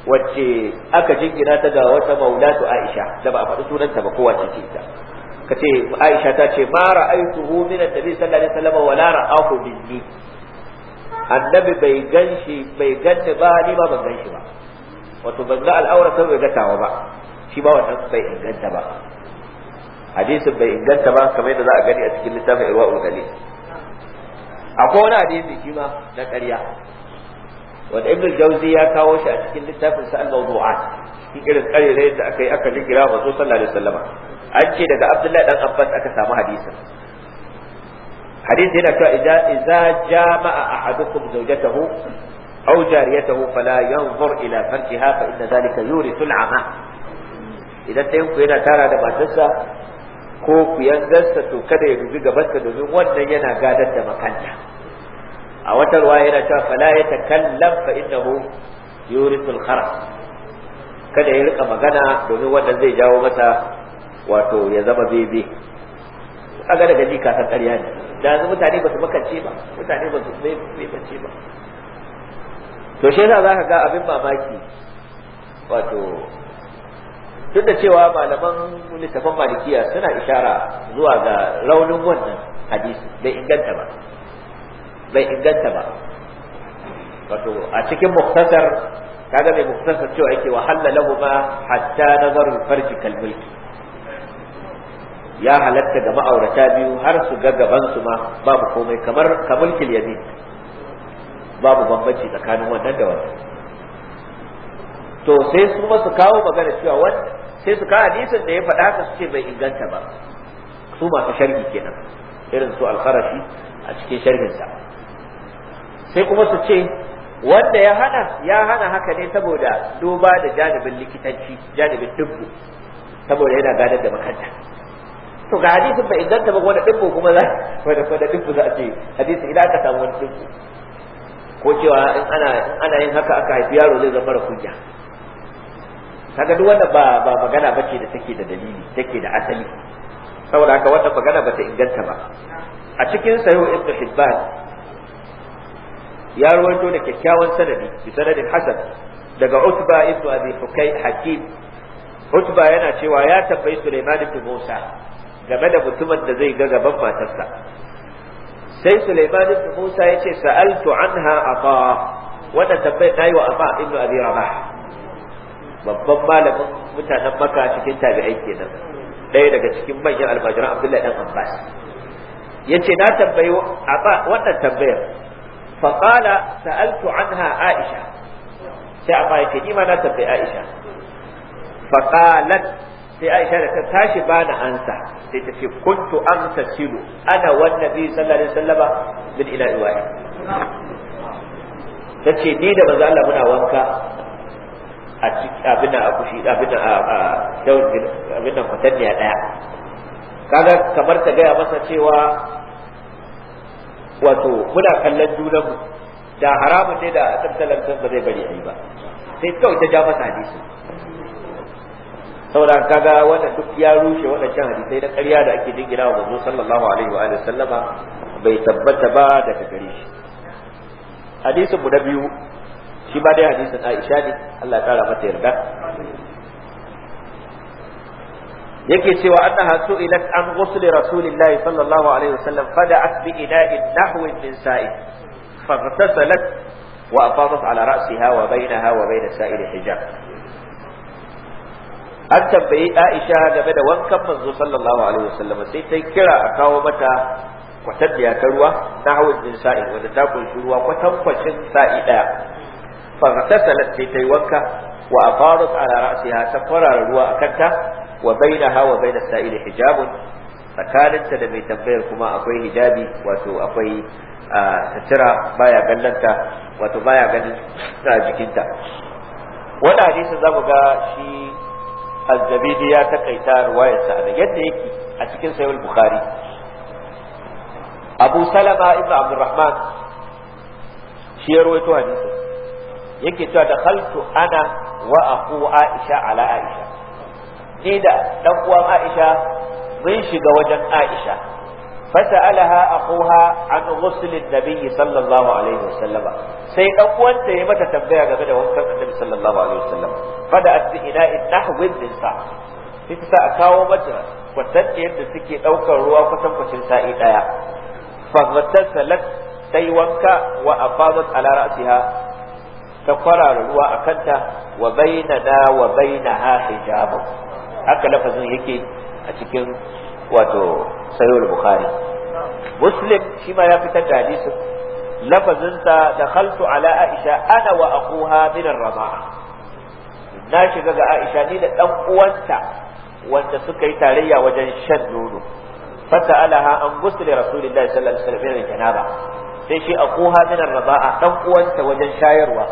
wacce aka jingina ta ga wata maulatu aisha da ba a faɗi sunanta ba kowa ce ta kace Aisha ta ce ma ra'aytuhu min annabi sallallahu alaihi wasallam wa la ra'ahu minni annabi bai ganshi bai ganta ba ni ba ban ganshi ba wato ban ga al'aura sai bai gatawa ba shi ba wannan bai inganta ba hadisin bai inganta ba kamar yadda za a gani a cikin littafin Irwaul Galil akwai wani hadisi shi ma na ƙarya wanda Ibn Jauzi ya kawo shi a cikin littafin sa al-Mawdu'at cikin irin ƙarerai da aka yi aka jigira manzo sallallahu alaihi wasallam an ce daga abdullahi dan abbas aka samu hadisin hadisi yana cewa idza idza jama'a ahadukum zawjatahu aw jariyatahu fala yanzur ila farjiha fa inna dhalika yurithu al'ama idan ɗayan ku yana tara da matarsa ko ku yanzarsa to kada ya dubi gabansa domin wannan yana gadar da makanta a wata ruwa yana cewa fala ya takallam fa innahu yurisul kharas kada ya rika magana domin wannan zai jawo masa wato ya zama bebe kaga daga jika ta karya ne da yanzu mutane ba su makance ba mutane ba su bebance ba to shi yasa zaka ga abin mamaki wato duk da cewa malaman littafin malikiya suna ishara zuwa ga raunin wannan hadisi bai inganta ba bai inganta ba wato a cikin muktasar kaga mai muktasar cewa yake wahalla lahu ma hatta nazarul farji kal mulki ya halatta ga ma'aurata biyu har su ga gabansu ma babu komai kamar kamar yamin babu bambanci tsakanin wannan da wannan to sai su ba su kawo magana cewa wannan sai su kawo hadisin da ya faɗa ka su ce bai inganta ba su masu sharhi kenan irin su alfarashi a cikin sharhinsa sai kuma su ce wanda ya hana ya hana haka ne saboda duba da janibin likitanci janibin dubbu saboda yana gadar da makanta to ga hadisin idan inganta ba wanda dubbo kuma za wanda wanda dubbo za a ce hadisi idan aka samu wani dubbo ko cewa in ana ana yin haka aka haifi yaro zai zama kunya kaga duk wanda ba ba magana bace da take da dalili take da asali saboda haka wata magana bata inganta ba a cikin sayo ibnu hibban ya rawaito da kyakkyawan sanadi bi sanadin hasan daga utba ibnu abi hukay hakim utba yana cewa ya tambayi sulaiman ibn musa game da mutumin da zai ga gaban matarsa sai Sulaiman ibn Musa ya ce sa'altu anha ata wannan tambayar nayi wa ata ibn Abi Rabah babban malamin mutanen Makka cikin tabi'ai kenan ɗaya daga cikin manyan almajiran Abdullahi dan Abbas yace na tambayi ata wannan tambayar fa qala sa'altu anha Aisha sai ata yake ni ma na tambayi Aisha fa qalat sai aisha da ta tashi na ansa sai ta ce kuntu ta cilo ana wannan bi sallallahu sallama wasallama min ila iwaya ta ce ni da manzo Allah muna wanka a cikin abin da aku shi abin da daun abin da ya daya kaga kamar ta gaya masa cewa wato muna kallon junanmu da haramun ne da a tattalin ba zai bari a yi ba sai kawai ta ja masa hadisi saboda kaga wanda duk ya rushe waɗancan hadisai na ƙarya da ake jingina wa manzo sallallahu alaihi wa alihi sallama bai tabbata ba daga gare shi hadisin mu na biyu shi ba dai hadisin Aisha ne Allah ya kara mata yarda yake cewa annaha ila an ghusl rasulillah sallallahu alaihi wa wasallam fada'at bi ina'in nahwin min sa'i faghtasalat wa afadat ala ra'siha wa bainaha wa bain sa'il hijab an tambayi Aisha game da wankan manzo sallallahu alaihi wasallam sai ta kira a kawo mata da ta ruwa na hawan jin sa'i wanda ta kunshi ruwa kwacin sa'i daya fa tasalat sai ta yi wanka wa afarat ala ra'siha ta farar ruwa akan ta wa bainaha wa baina sa'il hijabun tsakaninta da mai tambayar kuma akwai hijabi wato akwai tattira baya gallanta wato baya ganin jikinta wani hadisin za mu ga shi azzabidi ya takaita ruwayar sa da yadda yake a cikin sahih bukhari abu salama ibn abdurrahman shi ya rawaito hadisi yake cewa da khaltu ana wa a aku aisha ala aisha ni da ɗan uwan aisha mun shiga wajen aisha fasalaha akuha an ghusl an-nabi sallallahu alaihi wasallama sai dan uwanta ya mata tambaya game da wankan annabi sallallahu alaihi wasallam fada at ila nahwin din sa sai ta a kawo mata kwatanta yadda take ɗaukar ruwa kwatankwacin sa'i ɗaya faghatat salat sai wanka wa afadat ala ra'siha ta kwarara ruwa a kanta wa bainana wa bainaha hijabun haka lafazin yake a cikin wato sayyid bukhari muslim shi ma ya fitar da hadisi lafazinsa da khaltu ala aisha ana wa akuha min ar na shiga ga aisha ni da dan uwanta wanda suka yi tarayya wajen shan nono fata'alaha an gusli rasulillahi sallallahu alaihi wasallam min janaba sai shi akuha min ar dan uwanta wajen shayarwa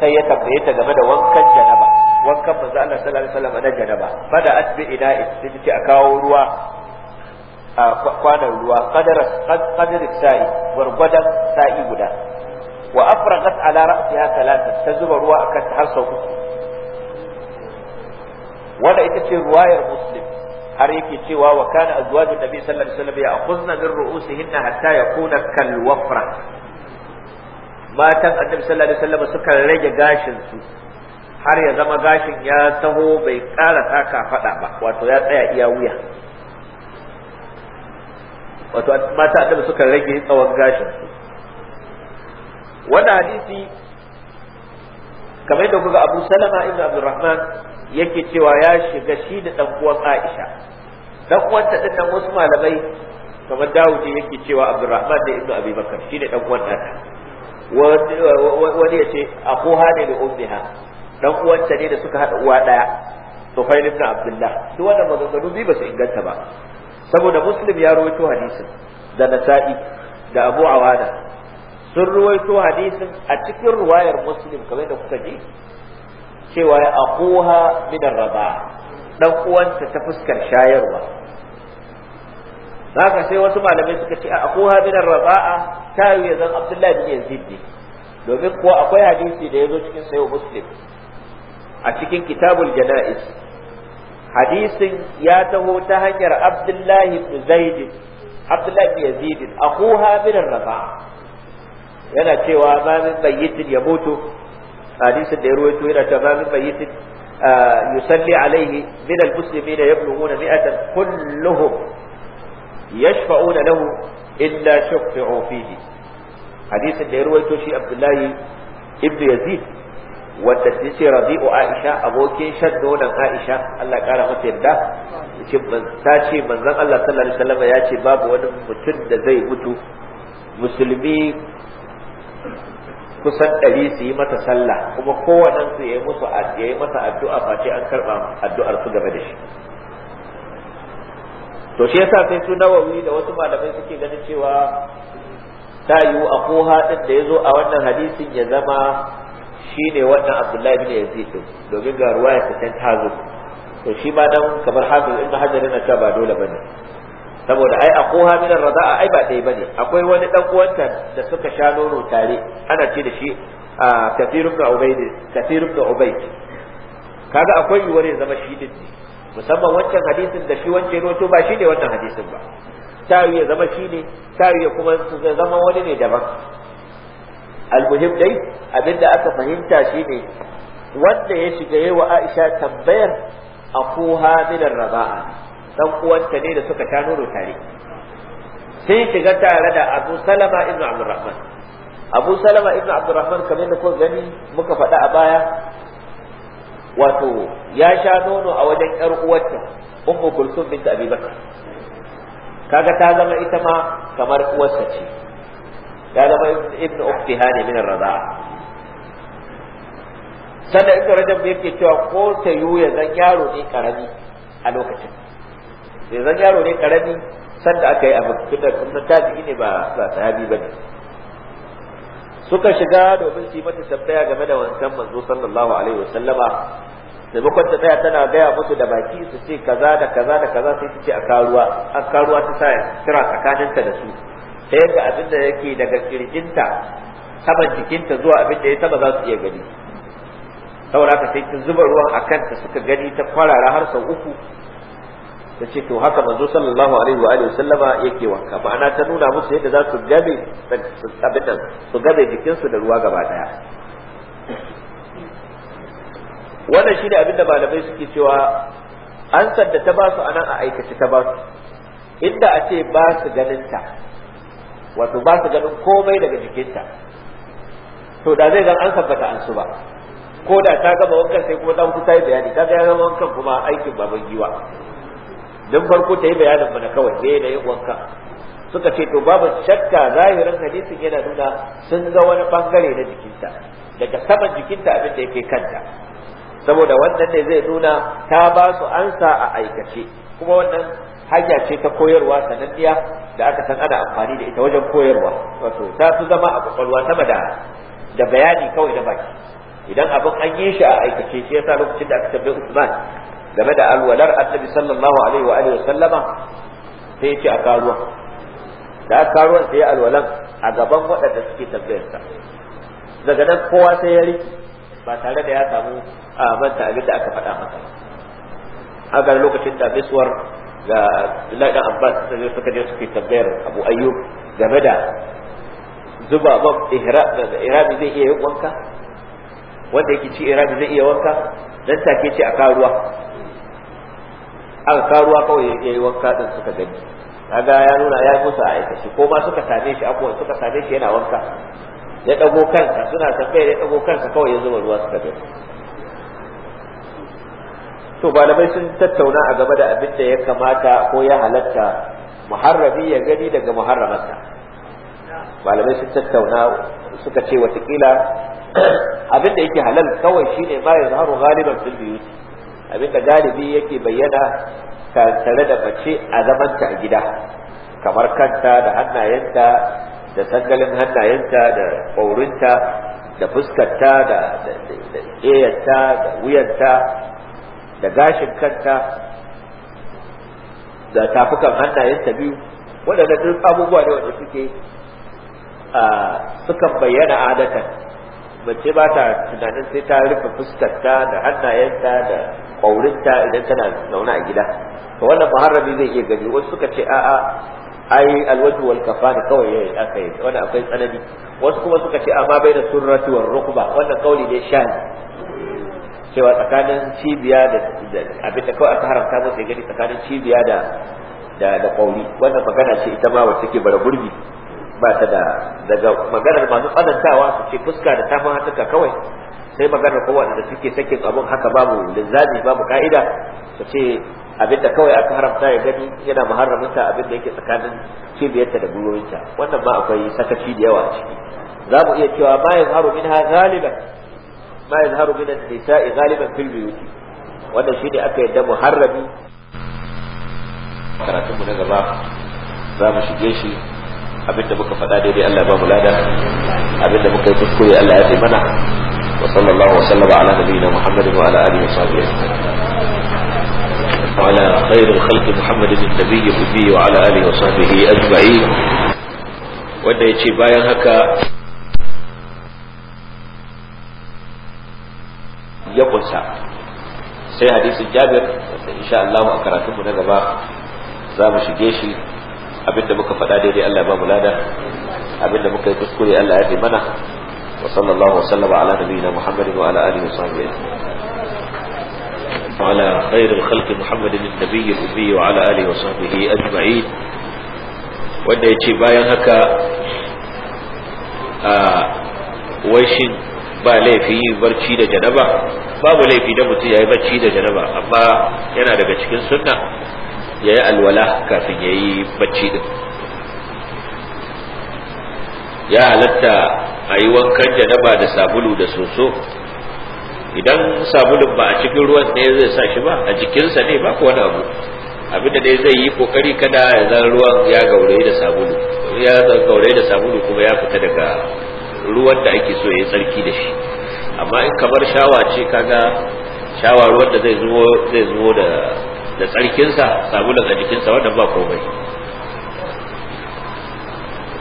sai ya tambaye ta game da wankan janaba wankan manzo Allah sallallahu alaihi wasallam na janaba bada asbi ila sai a kawo ruwa a kwanan ruwa qadara qadari sa'i gurgudan sa'i guda wa afraqat ala ra'siha thalatha ta zuba ruwa akan ta har sau uku wanda ita ce ruwayar muslim har yake cewa wa kana azwaju nabi sallallahu alaihi wasallam ya'khuzna min ru'usihinna hatta yakuna kal wafra matan annabi sallallahu alaihi wasallam suka rage gashin su har ya zama gashin ya taho bai ƙara taka faɗa ba wato ya tsaya iya wuya wato mata da suka rage tsawon gashin su hadisi kamar yadda kuka Abu Salama ibn Abdurrahman yake cewa ya shiga shi da dan uwan Aisha dan uwan ta dinnan wasu malamai kamar Dawudi yake cewa Abdurrahman da Ibn Abi Bakar shi ne dan uwan nata wani ya ce akuha ne da ummiha dan uwanta ne da suka haɗa uwa daya Tufail ibn Abdullah duk wannan maganganu bi ba su inganta ba saboda Muslim ya rawaito hadisin da Nasa'i da Abu Awada sun rawaito hadisin a cikin ruwayar Muslim kamar da kuka ji cewa ya aquha min ar-raba dan uwanta ta fuskar shayarwa haka sai wasu malamai suka ce a aquha min ar-raba'a ta yi zan Abdullah bin Yazid ne domin ko akwai hadisi da ya zo cikin sayo Muslim a cikin kitabul jana'is hadisin ya taho ta hanyar abdullahi ibn zaid abdullahi ibn yazid akuha bin rafa yana cewa ba min bayyitin ya mutu hadisin da ya ruwaito yana cewa ba min bayyitin yusalli alaihi min almuslimina yablughuna mi'atan kulluhum yashfa'una lahu illa shuffi'u fihi hadisin da ya ruwaito shi abdullahi ibn yazid wanda ta ce rabi'u aisha abokin shaddonan aisha Allah kara mata yarda ta ce manzon Allah sallallahu alaihi wasallam ya ce babu wani mutum da zai mutu musulmi kusan ɗari su yi mata sallah kuma kowannen su yayi musu yayi masa addu'a face an karba addu'ar su game da shi to shi yasa sai su nawawi da wasu malamai suke ganin cewa ta yiwu a koha din da ya zo a wannan hadisin ya zama Shi ne wannan abdullahi bin yazid din domin ga ruwaya ta san tazo to shi ma dan kamar in ibn hajar yana cewa ba dole bane saboda ai aquha min ar-rada'a ai ba dai bane akwai wani dan uwanta da suka sha nono tare ana ce da shi a kathir ibn ubayd kathir ibn ubayd kaga akwai yiwuwar ya zama shi din musamman wancan hadisin da shi wancan roto ba shi ne wannan hadisin ba ta ya zama shi ne ta ya kuma zama wani ne daban almuhim dai abinda aka fahimta ne wanda ya shiga yawa Aisha tambayar akuha min raba'a dan uwanta ne da suka tanuro tare sai shiga tare da Abu Salama ibn Abdurrahman Abu Salama ibn Abdurrahman kamar da ko gani muka faɗa a baya wato ya sha nono a wajen ƴar uwarta Ummu Kulsum bint Abi Bakr kaga ta zama ita ma kamar uwarsa ce ya zama ibnu uktiha ne min ar-raza'a sannan ibnu rajab yake cewa ko ta yu ya zan yaro ne karami a lokacin ya zan yaro ne karami sanda aka yi abu tunda kuma tabi'i ne ba ba sahabi ne suka shiga domin su yi mata tambaya game da wancan manzo sallallahu alaihi wasallama maimakon ta tsaya tana gaya musu da baki su ce kaza da kaza da kaza sai su ce a karuwa an karuwa ta sa kira tsakaninta da su ta yadda abin da yake daga kirjinta saman jikinta zuwa abin da ya taba za su iya gani saboda ka sai ta zuba ruwan a kanta suka gani ta kwarara har sau uku ta ce to haka manzo sallallahu alaihi wa alihi sallama yake wanka ma'ana ta nuna musu yadda za su gabe abin su gabe jikinsu da ruwa gaba daya wannan shi ne abinda malamai suke cewa an sanda ta ba su a nan a aikace ta ba su, inda a ce ba su ganin ta wato ba su ganin komai daga jikinta to da zai zan an tabbata an su ba ko da ta gama wankan sai kuma dan kuta yi bayani ta ga wankan kuma aikin baban giwa dan farko ta yi bayanin bana kawai ne da yin wanka suka ce to babu shakka zahirin hadisin yana nuna sun ga wani bangare na jikinta daga saman jikinta abin da yake kanta saboda wannan ne zai nuna ta ba su ansa a aikace kuma wannan hanya ce ta koyarwa sananniya da aka san ana amfani da ita wajen koyarwa wato ta fi zama a kwakwalwa sama da da bayani kawai da baki idan abin an yi shi a aikace shi yasa lokacin da aka tambaye Usman game da alwalar Annabi sallallahu alaihi wa alihi sallama sai ya ce a karuwa da karuwan sai ya alwalan a gaban waɗanda suke tambayarsa daga nan kowa sai ya riki ba tare da ya samu a manta abin da aka faɗa masa a ga lokacin da biswar ga Abdullahi dan Abbas sai suka je suke tambayar Abu Ayyub game da zuba ba ihrabi zai iya yin wanka wanda yake ci ihrabi zai iya wanka dan take ce a karuwa aka karuwa kawai yi wanka din suka gani kaga ya nuna ya musu a aikace ko ma suka same shi akwai suka same shi yana wanka ya dago kansa suna tafiya ya dago kansa kawai ya zuba ruwa suka gani to malamai sun tattauna a game da abin da ya kamata ko ya halatta muharrabi ya gani daga muharramarsa malamai sun tattauna suka ce watakila abin da yake halal kawai shine ma ya zaharu galiban fil biyu abin da galibi yake bayyana tare da mace a zamanta a gida kamar kanta da hannayenta da sangalin hannayenta da ƙaurinta da fuskarta da ƙeyarta da wuyanta da gashin kanta da tafukan hannayenta biyu waɗanda duk abubuwa ne wanda suke sukan bayyana adatan mace ba ta tunanin sai ta rufe fuskarta da hannayenta da ƙaurinta idan tana zaune a gida to wannan muharrami zai iya gani wasu suka ce a'a ai alwaju wal kafani kawai yayi aka yi wannan akwai tsanani wasu kuma suka ce amma bai da surrati war rukba wannan kauli ne shani cewa tsakanin cibiya da abin da kawai aka haramta musu gani tsakanin cibiya da da da wannan magana ce ita ma wacce take bara gurbi ba ta da daga maganar masu tsanantawa su ce fuska da tafin hannunka kawai sai maganar kowa da suke sakin abin haka babu linzami babu ka'ida su ce abin da kawai aka haramta ya gani yana muharraminta abin da yake tsakanin cibiyarta da gwiwoyinta wannan ma akwai sakaci da yawa a ciki za mu iya cewa bayan yanzu haro min ha galiban ما يظهر من النساء غالبا في البيوت وانا شيني اكي دمو حربي كراتبو نظر راق رام شجيشي ابنت بك فناديني اللي ما ملادا ابنت بك يتذكري اللي ادي منع وصلى الله وسلم على نبينا محمد وعلى آله وصحبه وعلى خير الخلق محمد النبي وفيه وعلى آله وصحبه أجمعين وإن يتشي بايا هكا ya kunsa sai hadisin jabir wanda insha Allah a karatunmu na gaba za mu shige shi abinda muka faɗa daidai Allah ba mu lada abinda muka yi kuskure Allah ya fi mana wa sallallahu wa sallama ala nabiyyina Muhammadin wa ala alihi wa sahbihi وعلى خير الخلق محمد النبي الأمي وعلى آله وصحبه أجمعين wanda ya ce bayan haka a waishin ba laifi barci da janaba babu laifi da mutum ya yi bacci da janaba amma yana daga cikin sunna ya yi alwala kafin ya yi bacci din ya halatta a yi wankan janaba da sabulu da soso idan sabulun ba a cikin ruwan ne zai sa shi ba a jikinsa ne ba ko wani abu da dai zai yi kokari kada ya zan ruwan ya gauraye da sabulu ya gauraye da sabulu kuma ya fita daga ruwan da ake so ya yi tsarki da shi amma in kamar shawa ce kaga shawarwar da zai zuwo zai zuwo da da tsarkinsa sabulun a jikinsa wanda ba komai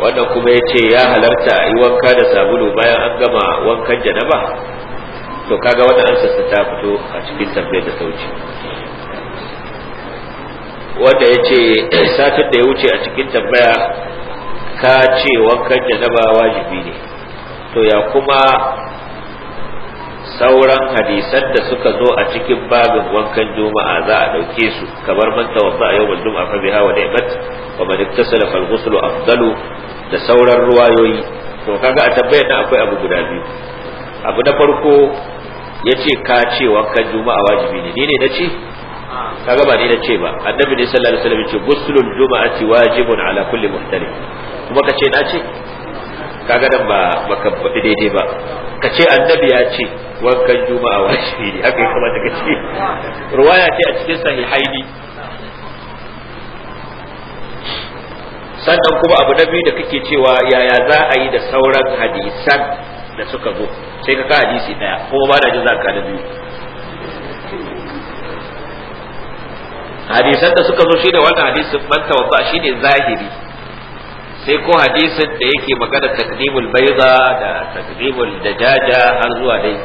wanda kuma ya ce ya halarta a yi wanka da sabulu bayan an gama wankan janaba to kaga wanda an sassa ta fito a cikin tambayar da sauci wanda ya ce satin da ya wuce a cikin tambaya ka ce wankan janaba wajibi ne to ya kuma sauran hadisan da suka zo a cikin babin wankan juma'a za a dauke su kamar man tawadda yawmal juma'a fa biha wa ni'mat wa man ittasala fal ghusl afdalu da sauran ruwayoyi to kaga a tabbayar da akwai abu guda biyu abu na farko yace ka ce wankan juma'a wajibi ne ni ne na ce kaga ba ni na ce ba annabi ne sallallahu alaihi wasallam yace ghuslul juma'ati wajibun ala kulli muhtalim kuma kace na ce kaga nan ba baka faɗi daidai ba ka ce annabi ya ce wankan juma'a wajibi ne haka ya daga ka ce ruwaya ce a cikin sahihaini sannan kuma abu na biyu da kake cewa yaya za a yi da sauran hadisan da suka zo sai ka ka hadisi daya ko ba da jin za ka da biyu hadisan da suka zo shi da wannan hadisin man shi shine zahiri sai ko hadisin da yake magana takdimul baiza da takdimul dajaja har zuwa dai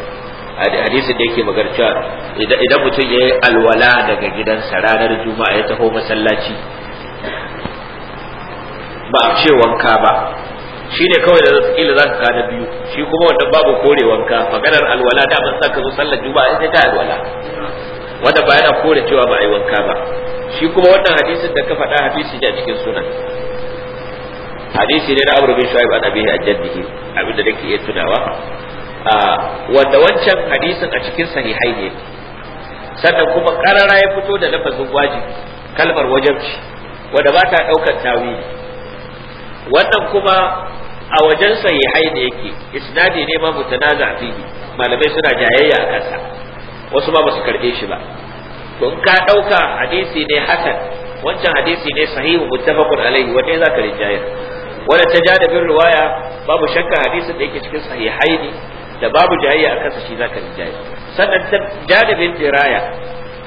hadisin da yake magana cewa idan mutum ya yi alwala daga gidansa ranar juma'a ya taho masallaci ba a ce wanka ba shi ne kawai da kila za ka kana biyu shi kuma wanda babu kore wanka maganar alwala da ban saka zo sallar juma'a sai ta alwala wanda ba yana kore cewa ba a yi wanka ba shi kuma wannan hadisin da ka faɗa hadisi ne a cikin sunan hadisi ne na amr bin shu'aib an abihi a jaddihi abin da nake iya tunawa wanda wancan hadisin a cikin sahihai ne sannan kuma karara ya fito da lafazin wajibi kalmar wajibci wanda ba ta daukar tawili wannan kuma a wajen sahihai ne yake isnadi ne ma mutanaza fihi malamai suna jayayya a kansa wasu ma basu karbe shi ba Kun ka dauka hadisi ne hasan wancan hadisi ne sahihu muttafaqun alaihi wanda ka rijaya wanda ta ja da bin riwaya babu shakka hadisin da yake cikin sahihai ne da babu jayayya a kansa shi zaka ji jayi sannan ta ja da bin diraya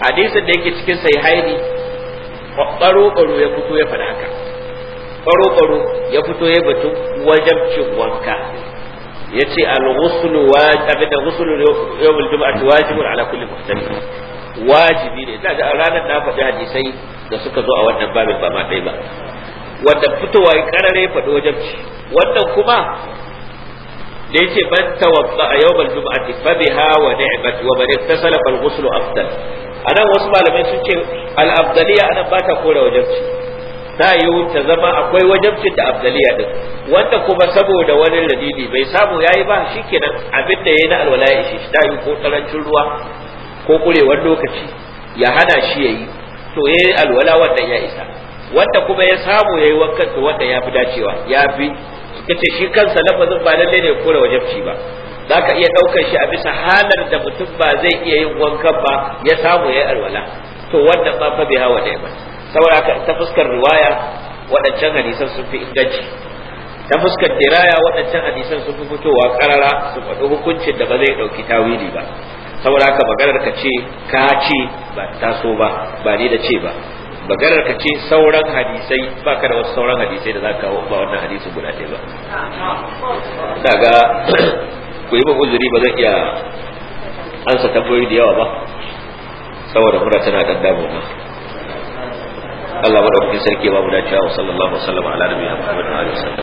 hadisin da yake cikin sahihai ne baro baro ya fito ya faɗa haka baro baro ya fito ya batu wajen cin wanka yace al-ghuslu wajib da ghuslu yawmul jum'ati wajibun ala kulli muhtalim wajibi ne ina da ranar na faɗi hadisai da suka zo a wannan babin ba ma ɗaya ba wanda fitowa ya karare faɗi wajabci wannan kuma da yace ban tawaffa a yawmal jum'ati fa biha wa ni'mat wa man ittasala fal ghusl afdal anan wasu malamai sun ce al afdaliya anan ba ta kore wajabci ta yiwu ta zama akwai wajabcin da afdaliya din wanda kuma saboda wani dalili bai samu yayi ba shikenan abin da yayi na alwala ya shi ta yi ko karancin ruwa ko kurewar lokaci ya hana shi yayi to yayi alwala wannan ya isa wanda kuma ya samu yayi wankan to wanda fi dacewa ya yafi kace shi kansa lafazin ba lalle ne kore wajabci ba zaka iya daukar shi a bisa halar da mutum ba zai iya yin wankan ba ya samu yayi alwala to wanda ba fa bi hawa dai ba saboda haka ta fuskar riwaya waɗancan hadisan sun fi inganci ta fuskar diraya waɗancan hadisan sun fi fitowa karara su faɗi hukuncin da ba zai ɗauki tawili ba saboda ka maganar ka ce ka ce ba taso ba ba ni da ce ba maganar ka ce sauran hadisai ba ka da wasu sauran hadisai da za ka kawo ba wannan hadisi guda ɗaya ba daga ku yi uzuri ba zan iya ansa tambayoyi da yawa ba saboda mura tana dan ma Allah kuke sarki ba mu dacewa wa sallallahu alaihi wa sallam ala nabiyina Muhammad wa alihi